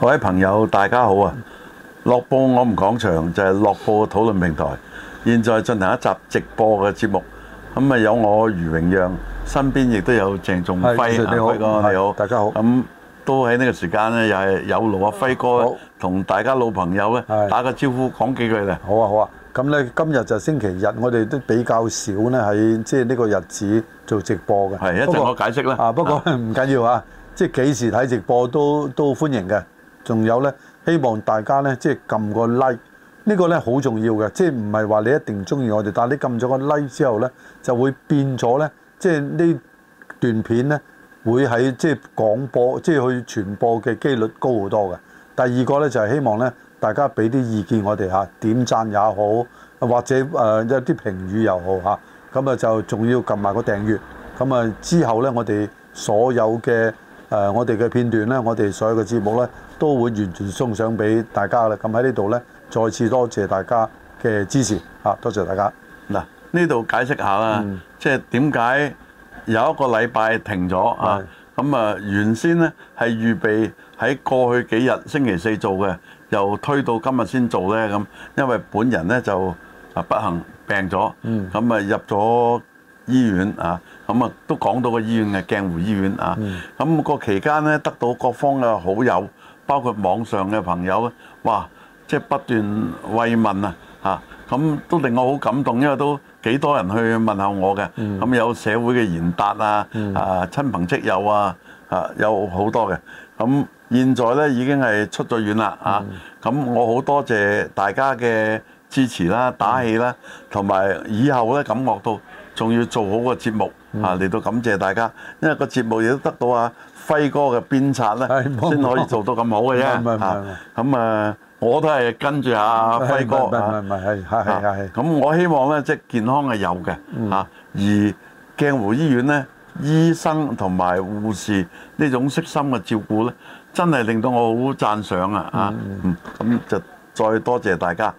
各位朋友，大家好啊！樂報我唔講場，就係樂報嘅討論平台。現在進行一集直播嘅節目，咁啊有我余榮讓，身邊亦都有鄭仲輝啊。輝哥，你好，大家好。咁都喺呢個時間咧，又係有勞啊輝哥同大家老朋友咧打個招呼，講幾句啦。好啊好啊！咁咧今日就星期日，我哋都比較少咧喺即係呢個日子做直播嘅。係，一陣我解釋啦。啊，不過唔緊要啊，即係幾時睇直播都都歡迎嘅。仲有呢，希望大家呢，即係撳個 like，呢個呢，好重要嘅，即係唔係話你一定中意我哋，但係你撳咗個 like 之後呢，就會變咗呢。即係呢段片呢，會喺即係廣播，即係去傳播嘅幾率高好多嘅。第二個呢，就係、是、希望呢，大家俾啲意見我哋吓，點讚也好，或者誒、呃、有啲評語又好吓，咁啊就仲要撳埋個訂閱。咁啊之後呢，我哋所有嘅誒、呃、我哋嘅片段呢，我哋所有嘅節目呢。都會完全送上俾大家喇。咁喺呢度呢，再次多謝大家嘅支持，啊。嚇，多謝大家。嗱，呢度解釋一下啊，即係點解有一個禮拜停咗啊？咁啊，原先呢係預備喺過去幾日星期四做嘅，又推到今日先做呢。咁因為本人呢就啊不幸病咗，咁啊入咗醫院啊，咁啊都講到個醫院嘅鏡湖醫院啊。咁、嗯、個期間呢，得到各方嘅好友。包括網上嘅朋友哇，即、就、係、是、不斷慰問啊，嚇、啊、咁都令我好感動，因為都幾多人去問下我嘅，咁、嗯、有社會嘅賢達啊，啊，啊親朋戚友啊，啊有好多嘅，咁現在呢，已經係出咗院啦，啊，咁、嗯啊、我好多謝大家嘅支持啦、打氣啦，同、嗯、埋以後呢感覺到仲要做好個節目、嗯、啊嚟到感謝大家，因為個節目亦都得到啊。輝哥嘅鞭策咧，先可以做到咁好嘅啫、啊。咁啊，啊，我都係跟住阿、啊、輝哥。唔係唔係，係係咁我希望咧，即係健康係有嘅。嚇、啊啊，而鏡湖醫院咧，醫生同埋護士種的呢種悉心嘅照顧咧，真係令到我好讚賞啊！嚇、啊，咁、啊、就再多謝大家。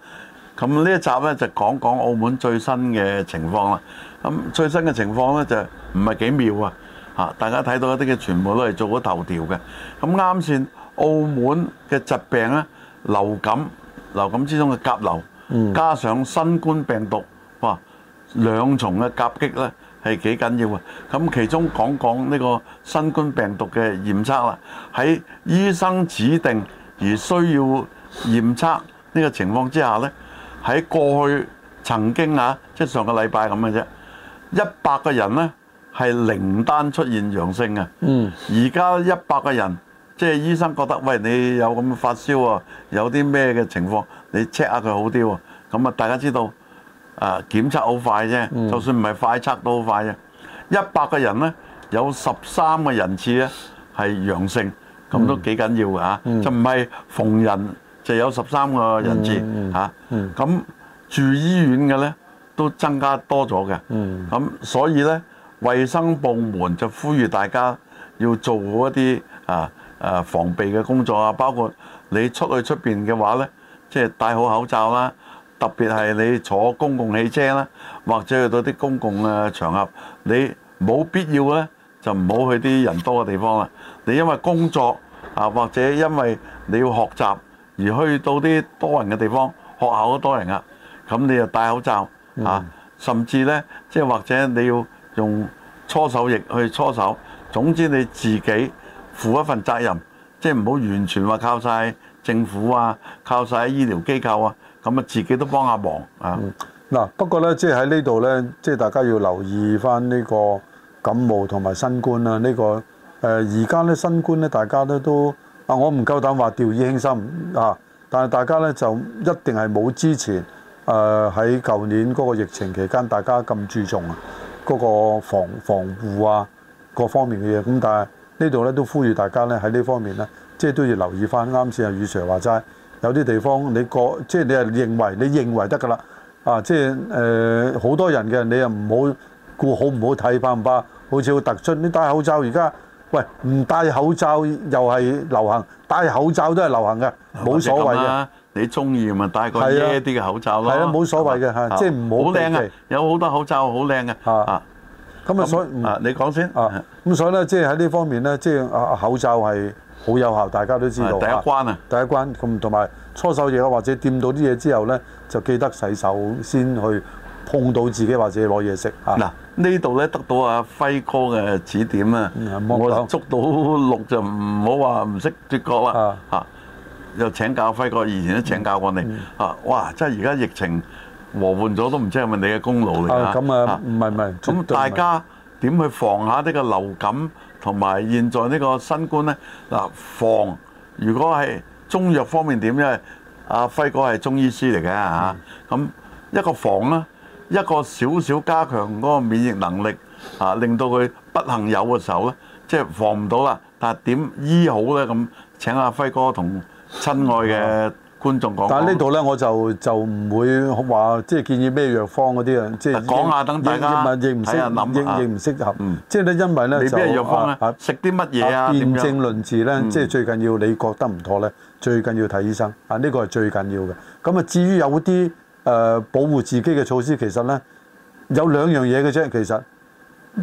咁呢一集咧就講講澳門最新嘅情況啦。咁、啊、最新嘅情況咧就唔係幾妙啊！啊！大家睇到一啲嘅全部都係做咗頭條嘅，咁啱先，澳門嘅疾病咧，流感、流感之中嘅甲流，加上新冠病毒，哇，兩重嘅夾擊咧，係幾緊要啊！咁其中講講呢個新冠病毒嘅檢測啦，喺醫生指定而需要檢測呢個情況之下咧，喺過去曾經啊，即係上個禮拜咁嘅啫，一百個人咧。係零單出現陽性啊！而家一百個人，即係醫生覺得，喂你有咁發燒啊，有啲咩嘅情況，你 check 下佢好啲喎。咁啊，大家知道，啊檢測好快啫，就算唔係快測都好快嘅。一百個人咧，有十三個人次咧係陽性，咁都幾緊要㗎嚇，就唔係逢人就有十三個人次嚇。咁住醫院嘅咧都增加多咗嘅，咁所以咧。衛生部門就呼籲大家要做好一啲啊誒防備嘅工作啊，包括你出去出邊嘅話呢，即係戴好口罩啦，特別係你坐公共汽車啦，或者去到啲公共嘅場合，你冇必要呢，就唔好去啲人多嘅地方啦。你因為工作啊，或者因為你要學習，而去到啲多人嘅地方，學校都多人啊，咁你就戴口罩啊，甚至呢，即係或者你要用搓手液去搓手，總之你自己負一份責任，即係唔好完全話靠晒政府啊，靠晒醫療機構啊，咁啊自己都幫下忙啊、嗯。嗱，不過呢，即係喺呢度呢，即係大家要留意翻呢個感冒同埋新冠啊。呢個誒而家呢，新冠呢，大家都都啊，我唔夠膽話掉以輕心啊，但係大家呢，就一定係冇之前誒喺舊年嗰個疫情期間大家咁注重啊。嗰個防防護啊，各方面嘅嘢，咁但係呢度咧都呼籲大家咧喺呢方面咧，即係都要留意翻。啱先啊，余 Sir 話齋，有啲地方你個即係你係認為你認為得㗎啦，啊即係誒好多人嘅，你又唔好顧好唔好睇怕唔怕，好似好突出。你戴口罩而家，喂唔戴口罩又係流行，戴口罩都係流行嘅，冇所謂嘅。你中意，咪戴個遮啲嘅口罩咯。係啊，冇、啊、所謂嘅吓，即係唔好。好靚啊，有好多口罩好靚嘅。啊，咁啊所以你講先啊，咁、啊、所以咧，即係喺呢方面咧，即係啊口罩係好有效，大家都知道。啊、第一關啊，啊，第一關。咁同埋搓手嘢，或者掂到啲嘢之後咧，就記得洗手先去碰到自己或者攞嘢食。嗱、啊、啊、呢度咧得到阿輝哥嘅指點、嗯嗯、啊，我捉到鹿就唔好話唔識脫角啊。又請教輝哥，以前都請教過你啊！哇，即係而家疫情和緩咗都唔知係咪你嘅功勞嚟㗎？咁啊，唔係唔係。咁大家點去防下呢個流感同埋現在呢個新冠咧？嗱，防如果係中藥方面點咧？因為阿輝哥係中醫師嚟嘅嚇，咁一個防咧，一個少少加強嗰個免疫能力啊，令到佢不幸有嘅時候咧，即係防唔到啦。但係點醫好咧？咁請阿輝哥同。親愛嘅觀眾講、嗯，但係呢度咧我就就唔會話即係建議咩藥方嗰啲啊，即係講下等大家睇下諗，認認唔適合，即係咧因為咧藥方咧食啲乜嘢啊，辨、啊、證論治咧、嗯，即係最緊要你覺得唔妥咧，最緊要睇醫生啊，呢、呢個係最緊要嘅。咁、嗯、啊，至於有啲誒、呃、保護自己嘅措施，其實咧有兩樣嘢嘅啫。其實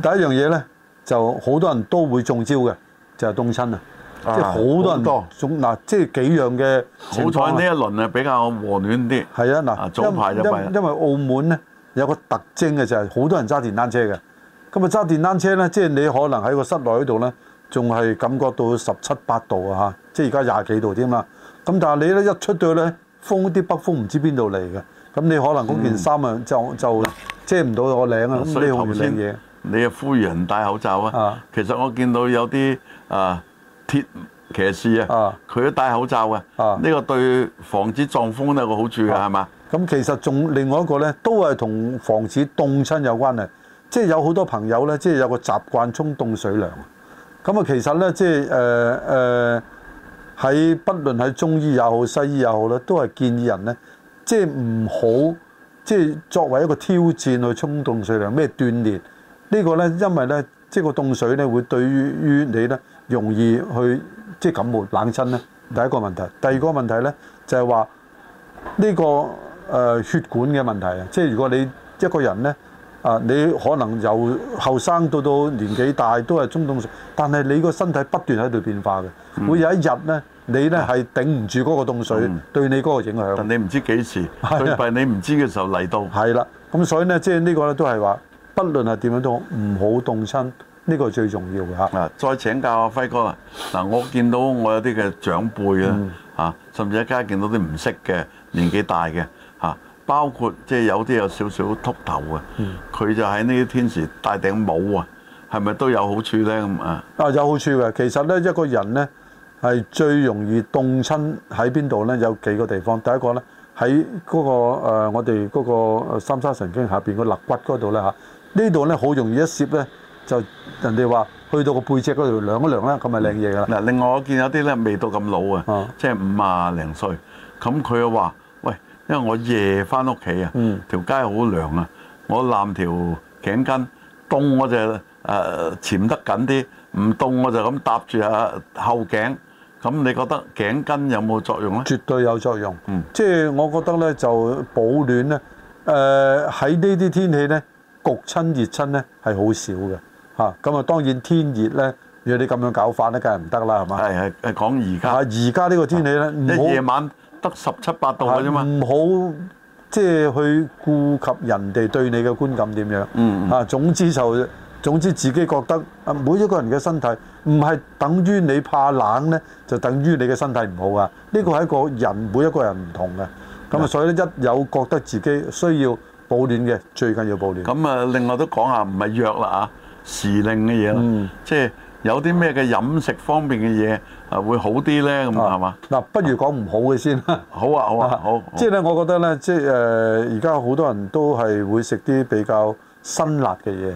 第一樣嘢咧就好多人都會中招嘅，就係、是、凍親啊。啊、即係好多人、啊、多，嗱，即係幾樣嘅。好彩呢一輪啊比較和暖啲。係啊，嗱，早排就因為因為澳門咧有個特徵嘅就係好多人揸電單車嘅。咁啊揸電單車咧，即係你可能喺個室內嗰度咧，仲係感覺到十七八度啊嚇，即係而家廿幾度添啦。咁但係你咧一出到去咧，風啲北風唔知邊度嚟嘅。咁你可能嗰件衫啊就、嗯、就，就遮唔到個領啊。咁頭嘢？你又呼籲人戴口罩啊。啊其實我見到有啲啊。鐵騎士啊，佢都戴口罩嘅，呢、啊這個對防止撞風都有個好處嘅，係、啊、嘛？咁、啊、其實仲另外一個呢，都係同防止凍親有關嘅，即、就、係、是、有好多朋友呢，即、就、係、是、有個習慣沖凍水涼。咁啊，其實呢，即係誒誒，喺、呃呃、不論喺中醫也好，西醫也好咧，都係建議人呢，即係唔好即係作為一個挑戰去沖凍水涼。咩鍛鍊呢、這個呢，因為呢，即、就、係、是、個凍水呢，會對於於你呢。容易去即係感冒冷親呢。第一個問題。第二個問題呢，就係話呢個誒、呃、血管嘅問題啊，即係如果你一個人呢，啊、呃，你可能由後生到到年紀大都係中凍水，但係你個身體不斷喺度變化嘅、嗯，會有一日呢，你呢係、嗯、頂唔住嗰個凍水、嗯、對你嗰個影響。但你唔知幾時，最弊你唔知嘅時候嚟、啊、到。係啦、啊，咁、 啊嗯、所以呢，即係呢個呢都係話，不論係點樣都唔好凍親。呢、這個最重要嘅嚇。嗱，再請教阿、啊、輝哥啦。嗱，我見到我有啲嘅長輩咧，嚇、嗯，甚至一家見到啲唔識嘅年紀大嘅嚇，包括即係有啲有少少禿頭嘅，佢、嗯、就喺呢啲天時戴頂帽啊，係咪都有好處咧？咁啊，啊有好處嘅。其實咧，一個人咧係最容易凍親喺邊度咧？有幾個地方。第一個咧喺嗰個我哋嗰個三叉神經下邊個肋骨嗰度咧嚇。呢度咧好容易一攝咧。就人哋話去到個背脊嗰度涼一涼啦，咁咪靚嘢噶啦。嗱、嗯，另外我見有啲咧未到咁老啊，即係五啊零歲，咁佢又話：喂，因為我夜翻屋企啊，條街好涼啊，我攬條頸巾，凍我就誒潛、呃、得緊啲，唔凍我就咁搭住啊後頸。咁你覺得頸巾有冇作用咧？絕對有作用。嗯，即係我覺得咧就保暖咧，誒喺呢啲天氣咧焗親熱親咧係好少嘅。啊，咁啊，當然天熱咧，如果你咁樣搞法咧，梗係唔得啦，係嘛？係係係講而家。啊，而家呢個天氣咧，一夜晚得十七八度啊，啫嘛。唔好即係去顧及人哋對你嘅觀感點樣。嗯，嗯。啊，總之就總之自己覺得啊，每一個人嘅身體唔係等於你怕冷咧，就等於你嘅身體唔好啊。呢個係一個人每一個人唔同嘅。咁啊，所以咧，一有覺得自己需要保暖嘅，最緊要保暖。咁啊，另外都講下唔係藥啦啊。時令嘅嘢咯，即係有啲咩嘅飲食方面嘅嘢啊會好啲咧？咁啊，係嘛？嗱、啊，不如講唔好嘅先，啊啊。好啊，好啊，好。即係咧，就是，我覺得咧，即係誒，而家好多人都係會食啲比較辛辣嘅嘢，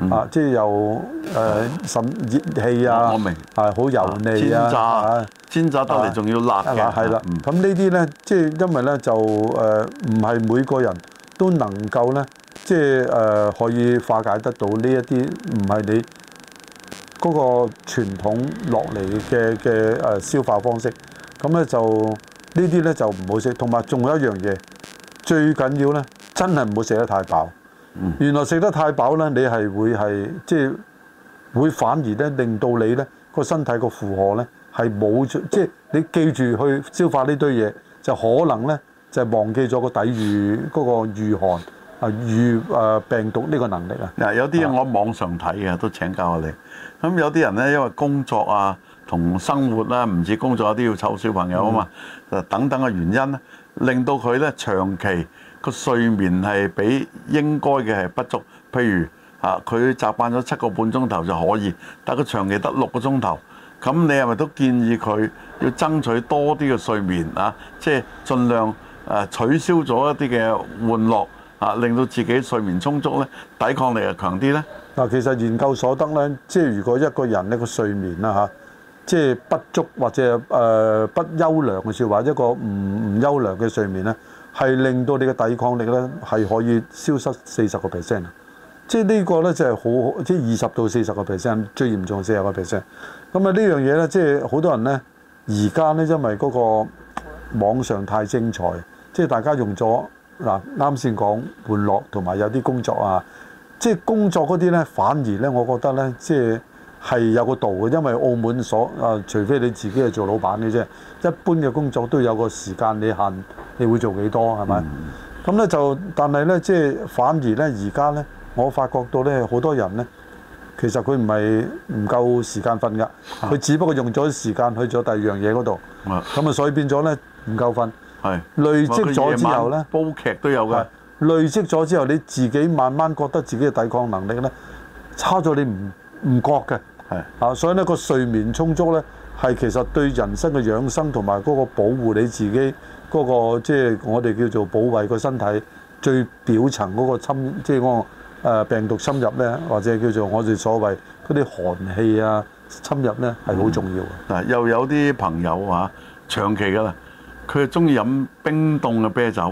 嗯、啊，即係又誒甚熱氣啊，我，我明啊，好油膩啊，煎炸啊，煎炸得嚟仲要辣嘅，係、啊、啦。咁、啊嗯、呢啲咧，即、就、係、是、因為咧就誒，唔、呃、係每個人都能夠咧。即係誒可以化解得到呢一啲唔係你嗰個傳統落嚟嘅嘅誒消化方式，咁咧就呢啲咧就唔好食。同埋仲有一樣嘢，最緊要咧真係唔好食得太飽。原來食得太飽咧，你係會係即係會反而咧令到你咧個身體個負荷咧係冇咗即係你記住去消化呢堆嘢，就可能咧就係忘記咗個抵禦嗰個御寒。啊，預誒病毒呢個能力啊！嗱，有啲我網上睇嘅都請教下你。咁有啲人咧，因為工作啊同生活啦，唔止工作，有啲要湊小朋友啊嘛，誒等等嘅原因咧，令到佢咧長期個睡眠係比應該嘅係不足。譬如嚇，佢習慣咗七個半鐘頭就可以，但佢長期得六個鐘頭，咁你係咪都建議佢要爭取多啲嘅睡眠啊？即係儘量誒取消咗一啲嘅玩樂。嚇令到自己睡眠充足咧，抵抗力又強啲咧。嗱，其實研究所得咧，即係如果一個人呢個睡眠啊嚇，即係不足或者誒、呃、不優良嘅説話，一個唔唔優良嘅睡眠咧，係令到你嘅抵抗力咧係可以消失四十個 percent。即係呢個咧就係好即係二十到四十個 percent，最嚴重四十個 percent。咁啊呢樣嘢咧，即係好多人咧，而家咧因為嗰個網上太精彩，即係大家用咗。嗱，啱先講玩樂同埋有啲工作啊，即係工作嗰啲呢，反而呢，我覺得呢，即係係有個度嘅，因為澳門所啊，除非你自己係做老闆嘅啫，一般嘅工作都有個時間你限，你會做幾多係咪？咁呢，嗯、就，但係呢，即係反而呢，而家呢，我發覺到呢，好多人呢，其實佢唔係唔夠時間瞓㗎，佢只不過用咗時間去咗第二樣嘢嗰度，咁啊，所以變咗呢，唔夠瞓。係累積咗之後呢，煲劇都有嘅。累積咗之後，你自己慢慢覺得自己嘅抵抗能力呢差咗，你唔唔覺嘅。係啊，所以呢個睡眠充足呢，係其實對人生嘅養生同埋嗰個保護你自己嗰個，即係我哋叫做保衛個身體最表層嗰個侵，即係嗰個病毒侵入呢，或者叫做我哋所謂嗰啲寒氣啊侵入呢，係好重要嘅、嗯。又有啲朋友啊，長期噶啦。佢就中意飲冰凍嘅啤酒，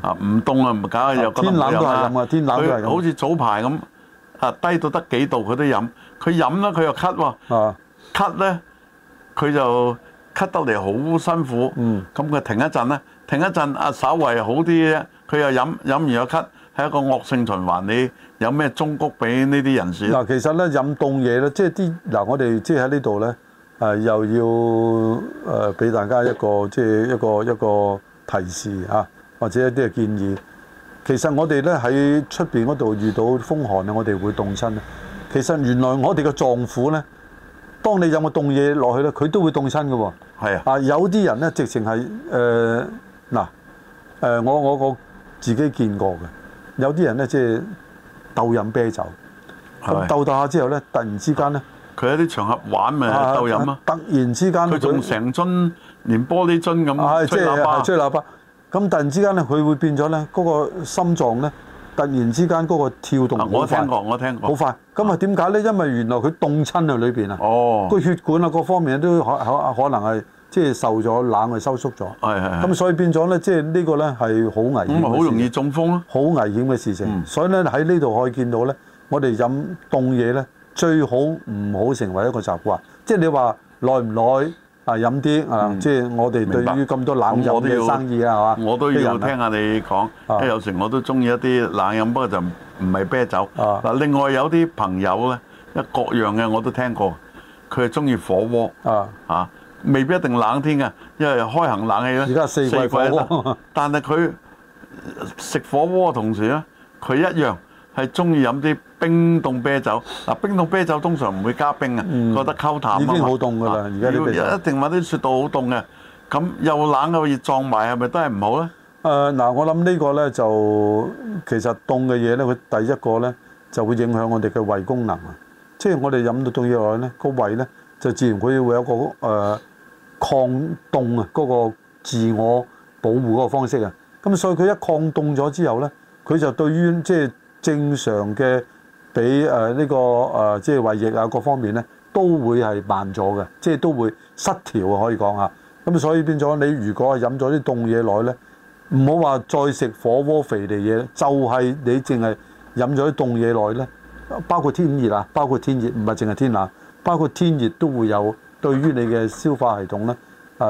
啊唔凍啊，唔搞又、嗯、覺得有啊。佢好似早排咁啊，低到得幾度佢都飲。佢飲咧佢又咳喎、啊，咳咧佢就咳得嚟好辛苦。咁、嗯、佢停一陣咧，停一陣啊，稍微好啲咧，佢又飲飲完又咳，係一個惡性循環。你有咩忠告俾呢啲人士嗱，其實咧飲凍嘢咧，即係啲嗱，我哋即係喺呢度咧。啊、又要誒俾、呃、大家一個即一個一個提示、啊、或者一啲嘅建議。其實我哋咧喺出邊嗰度遇到風寒啊，我哋會凍親。其實原來我哋嘅臟腑咧，當你有冇凍嘢落去咧，佢都會凍親嘅喎。係啊，啊，有啲人咧直情係嗱我我我自己見過嘅，有啲人咧即係鬥飲啤酒，咁鬥鬥下之後咧，突然之間咧～佢喺啲場合玩咪鬥、啊、飲啊！突然之間，佢仲成樽連玻璃樽咁吹喇叭、啊就是，吹喇叭。咁、啊、突然之間咧，佢會變咗咧，嗰、那個心臟咧，突然之間嗰、那個跳動、啊、我聽過，我聽過。好快，咁啊點解咧？因為原來佢凍親啊裏邊啊，個血管啊各方面都可可能係即係受咗冷係收縮咗。係、哎、係、哎哎。咁所以變咗咧，即係呢個咧係好危險好容易中風啦，好危險嘅事情。嗯、所以咧喺呢度可以見到咧，我哋飲凍嘢咧。最好唔好成為一個習慣，即係你話耐唔耐啊飲啲啊，即、就、係、是啊嗯啊就是、我哋對於咁多冷飲嘅生意啊，嚇，我都要聽下你講，因、欸、有時候我都中意一啲冷飲，不過就唔係啤酒。嗱、啊，另外有啲朋友咧，一各樣嘅我都聽過，佢係中意火鍋啊嚇、啊，未必一定冷天嘅，因為開行冷氣咧，而家四季火鍋， 但係佢食火鍋嘅同時咧，佢一樣。係中意飲啲冰凍啤酒。嗱，冰凍啤酒通常唔會加冰啊，覺得溝淡啊嘛。已經好凍㗎啦，而家呢個一定話啲雪到好凍嘅。咁又冷又熱撞埋，係咪都係唔好咧？誒嗱，我諗呢個咧就其實凍嘅嘢咧，佢第一個咧就會影響我哋嘅胃功能啊。即係我哋飲到凍嘢落咧，個胃咧就自然佢會有個誒抗凍啊，嗰個自我保護嗰個方式啊。咁所以佢一抗凍咗之後咧，佢就對於即係。正常嘅，比誒呢個誒、呃、即係胃液啊，各方面呢都會係慢咗嘅，即係都會失調啊，可以講啊。咁所以變咗你如果係飲咗啲凍嘢奶呢，唔好話再食火鍋肥膩嘢，就係、是、你淨係飲咗啲凍嘢奶呢，包括天熱啊，包括天熱唔係淨係天冷，包括天熱都會有對於你嘅消化系統呢。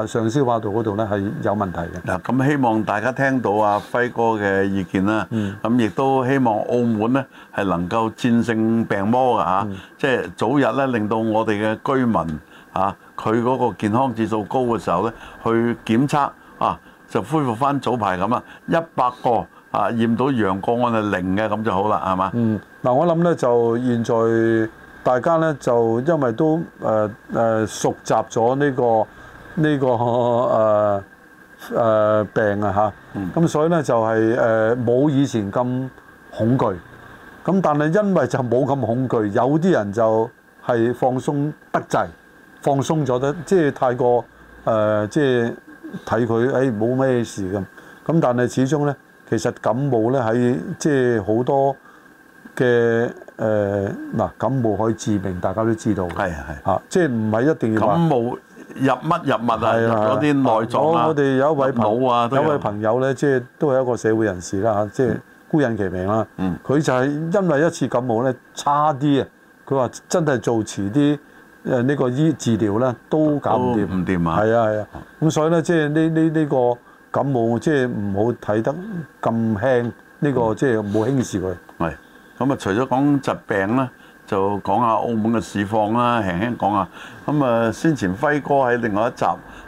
誒上司話到嗰度咧係有問題嘅。嗱，咁希望大家聽到阿輝哥嘅意見啦。咁亦都希望澳門咧係能夠戰勝病魔㗎吓，即、嗯、係、就是、早日咧令到我哋嘅居民啊佢嗰個健康指數高嘅時候咧去檢測啊，就恢復返早排咁啊，一百個啊驗到陽個案係零嘅咁就好啦，係嘛？嗯。嗱，我諗咧就現在大家咧就因為都誒誒、呃呃、熟習咗呢、這個。呢個誒誒病啊嚇，咁所以咧就係誒冇以前咁恐懼，咁但係因為就冇咁恐懼，有啲人就係放鬆得滯，放鬆咗得，即係太過誒，即係睇佢誒冇咩事咁。咁但係始終咧，其實感冒咧喺即係好多嘅誒嗱，感冒可以致命，大家都知道嘅。係係嚇，即係唔係一定要怕感冒。入乜入物啊？嗰啲、啊、內臟、啊啊、我哋有一位朋友啊有，有位朋友咧，即、就、係、是、都係一個社會人士啦嚇，即係孤名其名啦。嗯。佢、嗯、就係因為一次感冒咧，差啲、這個、啊！佢話真係做遲啲，誒呢個醫治療咧都搞唔掂。唔掂啊！係啊係啊！咁、啊、所以咧，即係呢呢呢個感冒，即係唔好睇得咁輕，呢、這個、嗯、即係冇輕視佢。係。咁啊，除咗講疾病咧。就講下澳門嘅市況啦，輕輕講下。咁啊，先前輝哥喺另外一集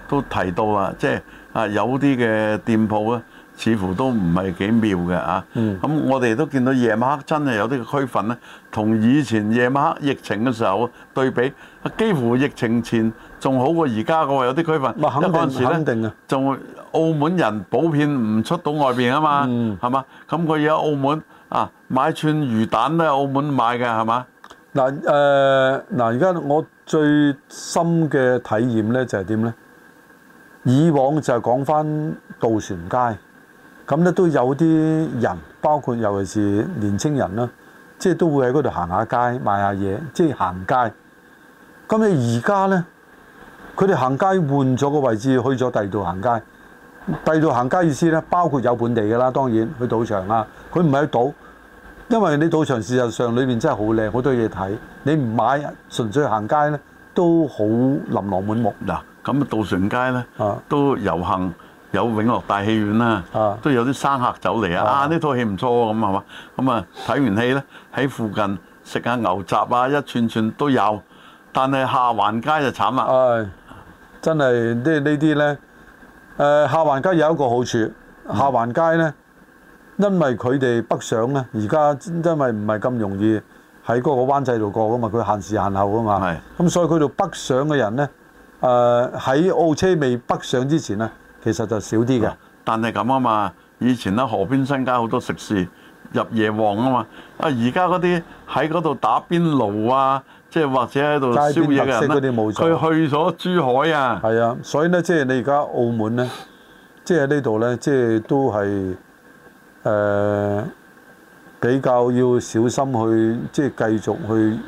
都提到啦，即係啊，有啲嘅店鋪咧，似乎都唔係幾妙嘅啊。咁、嗯、我哋都見到夜晚黑真係有啲區分咧，同以前夜晚黑疫情嘅時候對比，幾乎疫情前仲好過而家嘅喎。有啲區分，嗱，嗰陣時咧，仲、啊、澳門人普遍唔出到外邊啊嘛，係、嗯、嘛？咁佢而家澳門啊，買串魚蛋都喺澳門買嘅係嘛？嗱誒嗱，而家我最深嘅體驗咧就係點咧？以往就係講翻渡船街，咁咧都有啲人，包括尤其是年青人啦，即係都會喺嗰度行下街買下嘢，即係行街。咁你而家咧，佢哋行街換咗個位置，去咗第二度行街。第二度行街意思咧，包括有本地嘅啦，當然去賭場啦，佢唔係喺賭。因為你賭場，事實上裏面真係好靚，好多嘢睇。你唔買，純粹行街咧，都好琳琅滿目。嗱、啊，咁渡船街咧、啊，都遊行，有永樂大戲院啦，都有啲生客走嚟啊。啊，呢套戲唔錯喎，咁係嘛。咁啊，睇、啊啊啊、完戲咧，喺附近食下牛雜啊，一串串都有。但係下環街就慘啦。係、哎，真係啲呢啲咧。誒、呃，下環街有一個好處，下環街咧。嗯因為佢哋北上咧，而家因為唔係咁容易喺嗰個灣仔度過噶嘛，佢限時限後噶嘛，咁所以佢度北上嘅人咧，誒喺澳車未北上之前咧，其實就少啲嘅。但係咁啊嘛，以前咧，河邊新街好多食肆入夜旺啊嘛，啊而家嗰啲喺嗰度打邊爐啊，即係或者喺度宵夜嘅人咧，佢去咗珠海啊，係啊，所以咧即係你而家澳門咧，即係呢度咧，即係都係。誒、呃、比較要小心去，即係繼續去，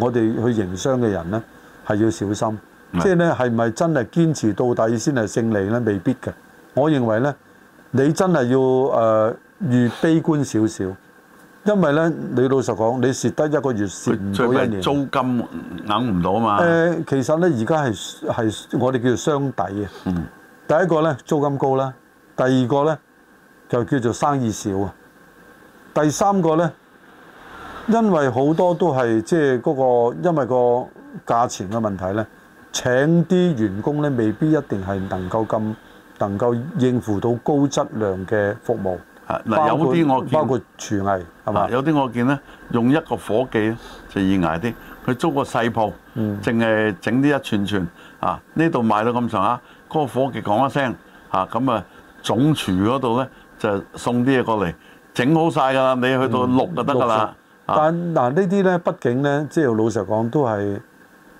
我哋去營商嘅人咧，係要小心。是即係咧，係咪真係堅持到底先係勝利咧？未必嘅。我認為咧，你真係要誒，越、呃、悲觀少少。因為咧，你老實講，你蝕得一個月蝕唔到一年。租金掹唔到諗唔到嘛？誒、呃，其實咧，而家係係我哋叫做雙底嘅、嗯。第一個咧，租金高啦。第二個咧。就叫做生意少啊！第三個呢，因為好多都係即係嗰個，因為個價錢嘅問題呢，請啲員工呢，未必一定係能夠咁能夠應付到高質量嘅服務。啊，嗱，有啲我包括廚藝，係嘛，有啲我見呢用一個伙計就易挨啲。佢租個細鋪，淨係整啲一串串啊，呢度賣到咁上下，嗰個伙計講一聲啊，咁啊總廚嗰度呢，就送啲嘢過嚟，整好晒㗎啦。你去到就、嗯、六就得㗎啦。但嗱呢啲咧，畢竟咧，即、就、係、是、老實講，都係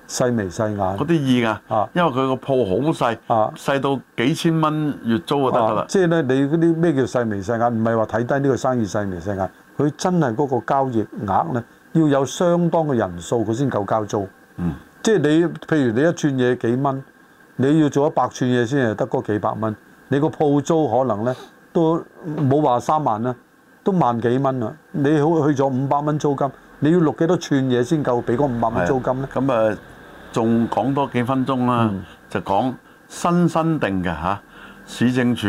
細眉細眼。嗰啲意㗎，因為佢個鋪好細，啊，細到幾千蚊月租就得㗎啦。即係咧，啊就是、你嗰啲咩叫細眉細眼？唔係話睇低呢個生意細眉細眼。佢真係嗰個交易額咧，要有相當嘅人數，佢先夠交租。嗯。即、就、係、是、你，譬如你一串嘢幾蚊，你要做一百串嘢先係得嗰幾百蚊。你個鋪租可能咧？都冇話三萬啦，都萬幾蚊啦。你好去咗五百蚊租金，你要錄幾多串嘢先夠俾嗰五百蚊租金咧？咁啊，仲講多幾分鐘啦、嗯，就講新新定嘅嚇、啊，市政署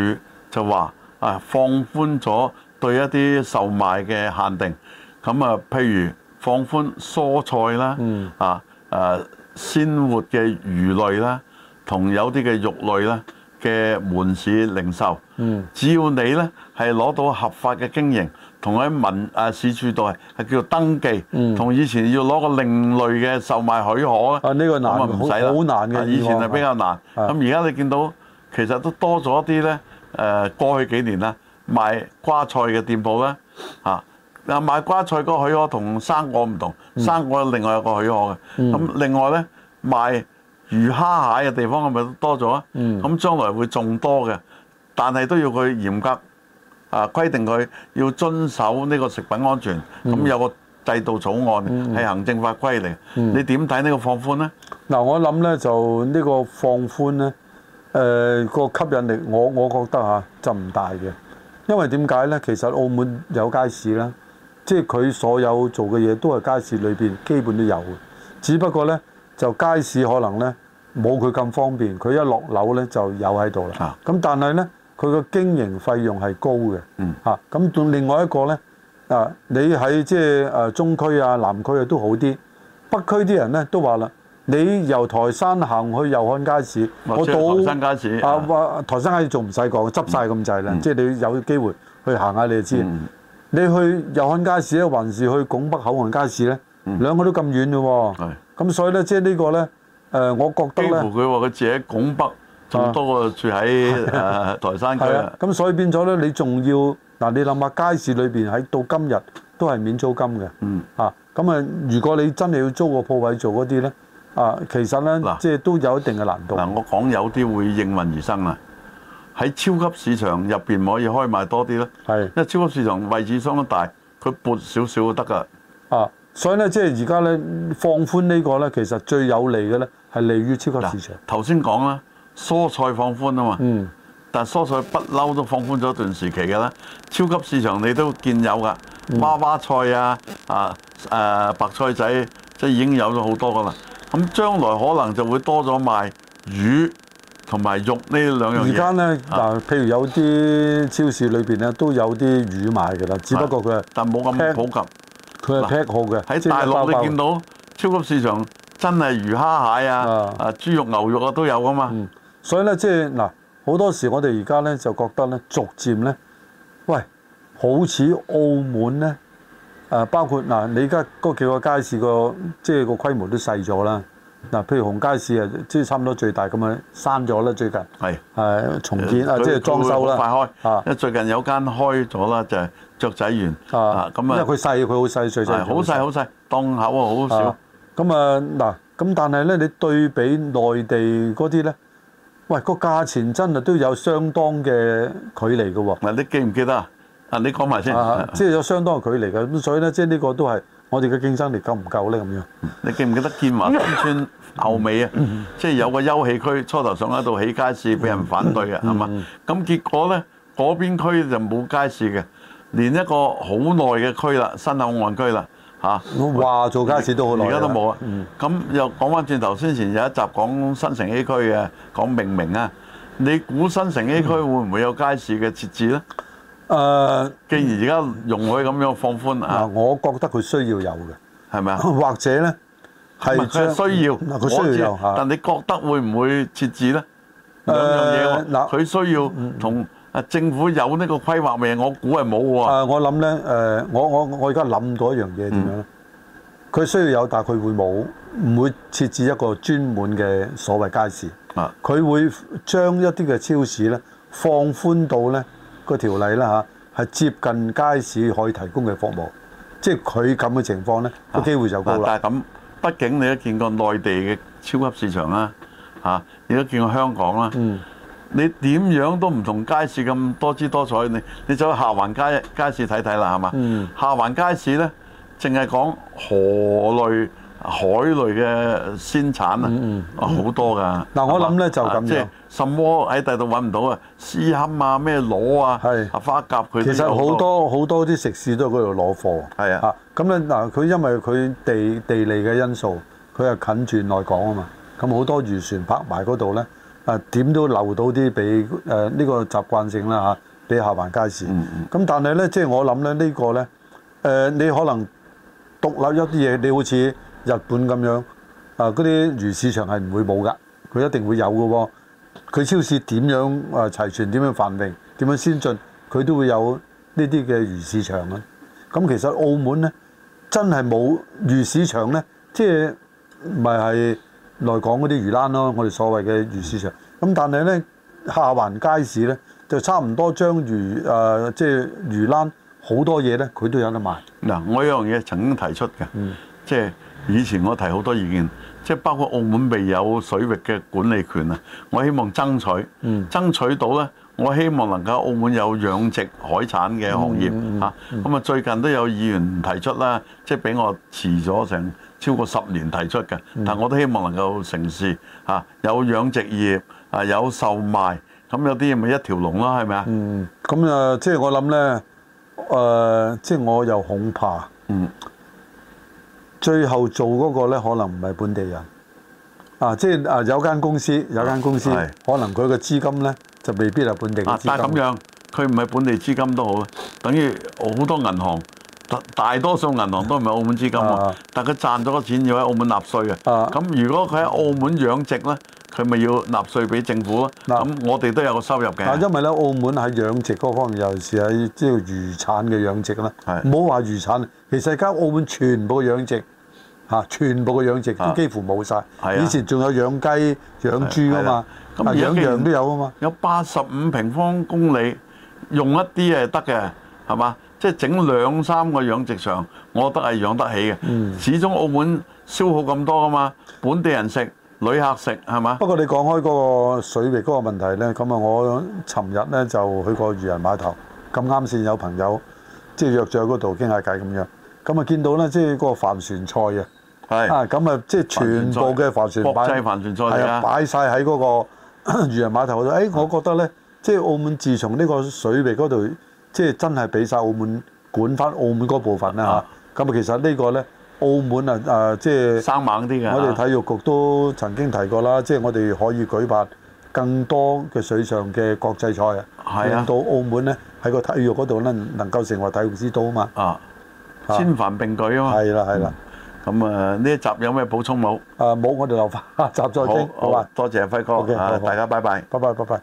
就話啊放寬咗對一啲售賣嘅限定。咁啊，譬如放寬蔬菜啦、嗯，啊誒、啊、鮮活嘅魚類啦，同有啲嘅肉類啦。嘅門市零售，只要你咧係攞到合法嘅經營，同喺民啊市處度係叫做登記，同以前要攞個另類嘅售賣許可啊，呢個難唔使，好難嘅，以前係比較難。咁而家你見到其實都多咗啲咧，誒過去幾年啦，賣瓜菜嘅店鋪咧嚇，啊賣瓜菜個許可同生果唔同，生果另外有個許可嘅，咁另外咧賣。魚蝦蟹嘅地方係咪多咗啊？咁將來會仲多嘅，但係都要佢嚴格啊規定佢要遵守呢個食品安全，咁有個制度草案係行政法規嚟。你點睇呢個放寬呢？嗱、嗯嗯，我諗呢就呢個放寬呢誒、呃嗰個吸引力我，我我覺得嚇、啊、就唔大嘅，因為點解呢？其實澳門有街市啦，即係佢所有做嘅嘢都係街市裏邊基本都有嘅，只不過呢。就街市可能呢，冇佢咁方便，佢一落樓呢，就有喺度啦。咁、啊、但係呢，佢個經營費用係高嘅嚇。咁、嗯啊、另外一個呢，啊，你喺即係啊中區啊南區啊都好啲。北區啲人呢，都話啦，你由台山行去右漢街市，我到，到台山街市啊，話、啊啊、台山街市仲唔使講，執晒咁滯啦。即係你有機會去行下你就知、嗯。你去右漢街市咧、啊，還是去拱北口岸街市呢？嗯、兩個都咁遠嘅喎、哦。哎咁所以咧，即、就、係、是、呢個咧，誒、呃，我覺得咧，幾乎佢話佢住喺拱北仲、啊、多過住喺誒、啊啊、台山區啦。咁、啊、所以變咗咧，你仲要嗱？你諗下，街市裏邊喺到今日都係免租金嘅。嗯。嚇，咁啊，如果你真係要租個鋪位做嗰啲咧，啊，其實咧，嗱、啊，即、就、係、是、都有一定嘅難度。嗱、啊，我講有啲會應運而生啦。喺超級市場入邊可以開賣多啲咧。係。因為超級市場位置相當大，佢撥少少就得㗎。啊。所以咧，即係而家咧，放寬呢個咧，其實最有利嘅咧係利於超級市場。頭先講啦，蔬菜放寬啊嘛。嗯。但係蔬菜不嬲都放寬咗一段時期㗎啦。超級市場你都見有㗎、嗯，娃娃菜啊，啊，啊白菜仔，即係已經有咗好多㗎啦。咁將來可能就會多咗賣魚同埋肉呢兩樣嘢。而家咧，嗱、啊，譬如有啲超市裏邊咧都有啲魚賣㗎啦，只不過佢但冇咁普及、okay。佢係 pack 好嘅喺大陸，你見到超級市場真係魚蝦蟹啊、啊豬肉牛肉啊都有噶嘛、嗯。所以咧、就是，即係嗱，好多時我哋而家咧就覺得咧，逐漸咧，喂，好似澳門咧，誒、啊、包括嗱、啊，你而家嗰幾個街市個即係個規模都細咗啦。嗱、啊，譬如紅街市啊，即、就、係、是、差唔多最大咁樣，閂咗啦最近。係。係、啊、重建啊，即係、就是、裝修啦。佢會快開、啊。因為最近有間開咗啦，就係、是。雀仔園啊，咁啊，因為佢細，佢好細，最細，好細，好細，檔口啊，好少。咁啊，嗱，咁但係咧，你對比內地嗰啲咧，喂，個價錢真係都有相當嘅距離嘅喎。嗱，你記唔記得啊？啊，你講埋先。啊，即係有相當嘅距離嘅，咁所以咧，即係呢個都係我哋嘅競爭力夠唔夠咧？咁樣。你記唔記得建華村後尾啊？即係有個休憩區，初頭想喺度起街市，俾人反對啊，係嘛？咁結果咧，嗰邊區就冇街市嘅。連一個好耐嘅區啦，新口岸區啦，我、啊、哇，做街市也很現在都好耐。而家都冇啊。咁、嗯、又講翻轉頭，先前有一集講新城 A 區嘅、啊，講命名啊。你估新城 A 區會唔會有街市嘅設置咧？誒、嗯，既然而家用佢咁樣放寬、嗯、啊，我覺得佢需要有嘅，係咪啊？或者咧，係需要。嗱，佢需要、啊、但你覺得會唔會設置咧、嗯？兩樣嘢喎，佢、嗯、需要同。嗯啊！政府有呢個規劃未？我估係冇喎。啊，我想呢！我諗咧，誒，我我我而家諗到一樣嘢點樣咧？佢、嗯、需要有，但係佢會冇，唔會設置一個專門嘅所謂街市。啊！佢會將一啲嘅超市咧放寬到咧個條例啦吓，係、啊、接近街市可以提供嘅服務。即係佢咁嘅情況咧，個機會就高啦。但係咁，畢竟你都見過內地嘅超級市場啦，吓、嗯啊，你都見過香港啦。嗯。你點樣都唔同街市咁多姿多彩，你你走去下環街街市睇睇啦，係嘛、嗯？下環街市咧，淨係講河類、海類嘅鮮產、嗯很嗯嗯、啊，好多㗎。嗱，我諗咧就咁樣，什麼喺第度揾唔到啊，蝨蝦啊，咩螺啊，花甲佢。其實好多好多啲食肆都喺嗰度攞貨。係啊，咁咧嗱，佢因為佢地地理嘅因素，佢係近住內港啊嘛，咁好多漁船泊埋嗰度咧。啊，點都留到啲俾誒呢個習慣性啦嚇，俾、啊、下環街市。咁、嗯嗯啊、但係呢，即、就、係、是、我諗咧，呢、呢個呢，誒、呃、你可能獨立一啲嘢，你好似日本咁樣，啊嗰啲魚市場係唔會冇噶，佢一定會有喎、哦。佢超市點樣啊齊全，點樣繁榮，點樣先進，佢都會有呢啲嘅魚市場啊。咁其實澳門呢，真係冇魚市場呢，即係咪係？內港嗰啲魚欄咯，我哋所謂嘅魚市場。咁但係呢，下環街市呢，就差唔多將魚誒，即、呃、係、就是、魚欄好多嘢呢，佢都有得賣。嗱，我一樣嘢曾經提出嘅，即、嗯、係、就是、以前我提好多意見，即、就、係、是、包括澳門未有水域嘅管理權啊。我希望爭取、嗯，爭取到呢，我希望能夠澳門有養殖海產嘅行業嚇。咁、嗯嗯嗯、啊、嗯嗯，最近都有議員提出啦，即係俾我遲咗成，超過十年提出嘅，但係我都希望能夠成事嚇。有養殖業啊，有售賣，咁有啲嘢咪一條龍咯，係咪啊？咁啊，即係我諗咧，誒，即係我又恐怕，最後做嗰個咧，可能唔係本地人啊。即係啊，有間公司，有間公司，可能佢嘅資金咧就未必係本地資金。但係咁樣，佢唔係本地資金都好，等於好多銀行。大多數銀行都唔係澳門資金喎、啊，但佢賺咗個錢要喺澳門納稅嘅。咁、啊、如果佢喺澳門養殖呢，佢咪要納稅俾政府啊？咁我哋都有個收入嘅、啊。因為呢，澳門喺養殖嗰方面，尤其是喺即係漁產嘅養殖啦，唔好話漁產。其實而家澳門全部嘅養殖、啊、全部嘅養殖都幾乎冇晒。以前仲有養雞、養豬噶嘛，咁、啊、養羊都有啊嘛。有八十五平方公里用一啲係得嘅，係嘛？即係整兩三個養殖場，我覺得係養得起嘅。始終澳門消耗咁多噶嘛，本地人食、旅客食係嘛。不過你講開嗰個水域嗰個問題咧，咁啊，我尋日咧就去過漁人碼頭，咁啱先有朋友即係約咗喺嗰度傾下偈咁樣。咁啊，見到咧即係個帆船菜啊，係啊，咁啊即係全部嘅帆，帆船菜，係啊，擺晒喺嗰個漁人碼頭度。誒，我覺得咧，即係澳門自從呢個水域嗰度。即係真係俾曬澳門管翻澳門嗰部分啦嚇，咁啊其實呢個咧澳門啊誒即係生猛啲嘅，我哋體育局都曾經提過啦，即係我哋可以舉辦更多嘅水上嘅國際賽啊，令到澳門咧喺個體育嗰度咧能夠成為體育之都啊嘛，千帆並舉啊嘛，係啦係啦，咁啊呢一集有咩補充冇？誒冇，我哋留翻下集再傾，好啊，多謝輝哥啊，大家拜拜，拜拜拜拜。